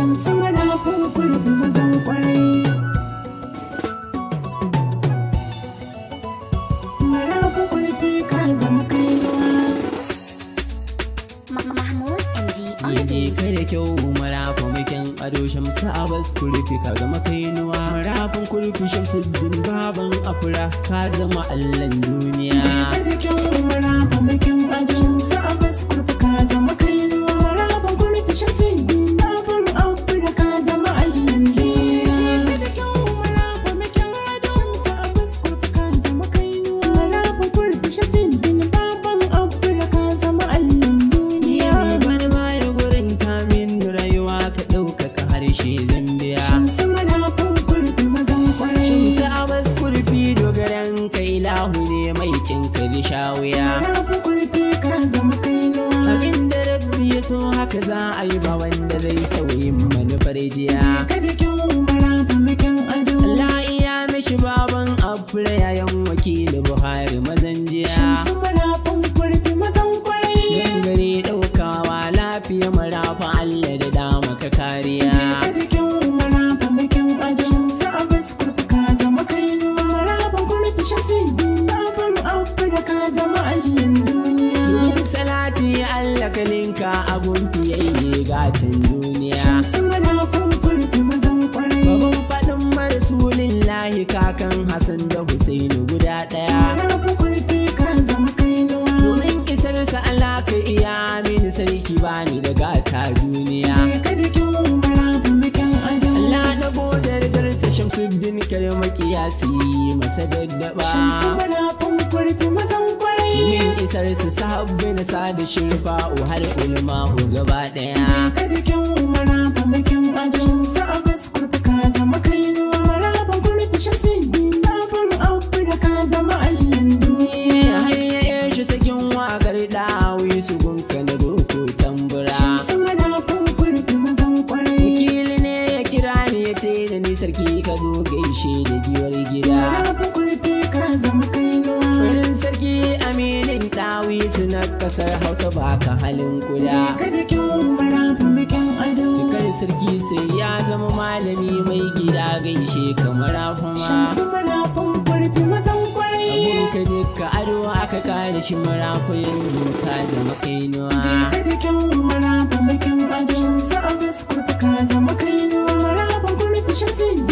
shan sama na kurkur mazan kwarai mara kurfi ka zama kaiwa mahmud Yake kai da kyau marafa makin ado shamsu abas kurfi ka zama kainuwa marafin kurfi shamsu din baban afira ka zama allan duniya sha wuya. Abin da rabbi ya so haka za a yi ba wanda zai sauyin manufar jiya. Kada shuddin karmaki ya fi masa daddaba mazan kwarai min isar su sahabbai na sada shirfa har ulma gaba daya gaishe da giwar gida Wurin sarki aminin ɗawisu na ƙasar hausa ba ka halin kuda Cikar sarki sai ya zama malami mai gida gaishe kamar huma ka duka ado aka kare shi marakuyin duka da makainuwa. Jika da kyau maraba makin ado, sa'a biskurta ka da makainuwa maraba gurbi shasin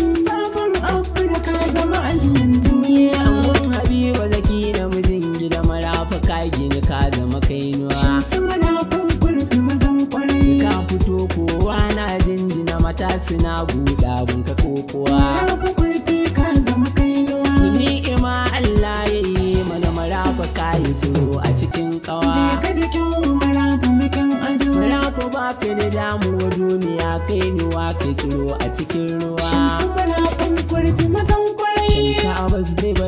kainuwa ke tsoro a cikin ruwa. Shamsu bala kun kurfi mazan kwarai. Shamsu abas ba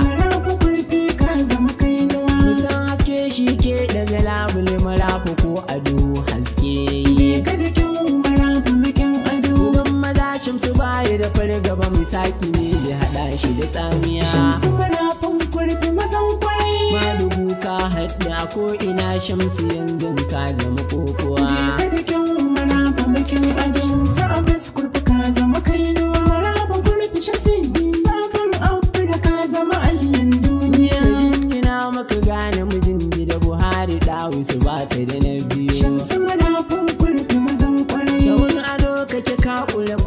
ado haske kada kin bara kin ado don maza su baya da fargaba mai saki ne ya hada shi da tsamiya shamsu farafin kurfi mazan kwai malubu ka hadda ko ina shamsu yanzu ka zama kokowa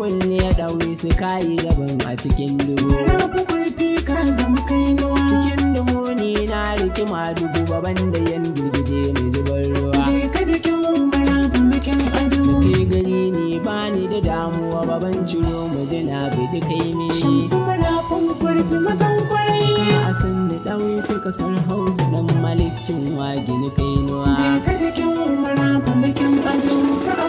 kunne ya ɗaure su kayi daban a cikin dubu. Rabu kurfi ka zama kai Cikin dubu ni na rikima dubu baban da yan girgije mai zubar ruwa. Je da kyau mara bumikin ado. Da gani ni ba ni da damuwa baban ciro mu dina bi da kai me. Shin su mara kurfi mazan kwarai. A san da ɗaure su kasar hausa ɗan malikin wa gini kai nuwa. Je ka da kyau mara bumikin ado.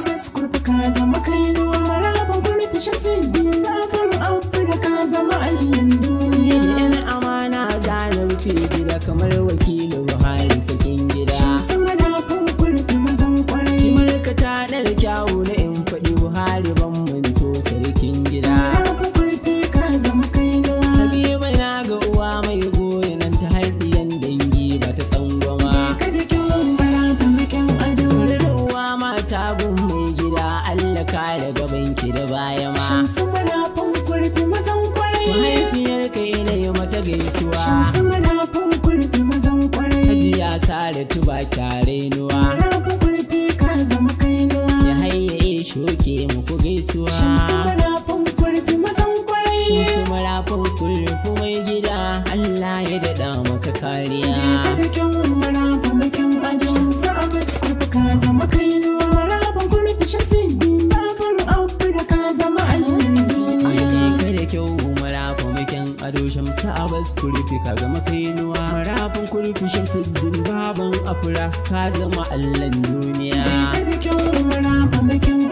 tare tuba kyare nuwa ka zama kainuwa ya hayyaye shoke mu ku gaisuwa Marafin kurfi mai gida Allah ya daɗa maka kariya. ka zama kainuwa marafin kurfi shamsuddin baban afira ka zama allan duniya.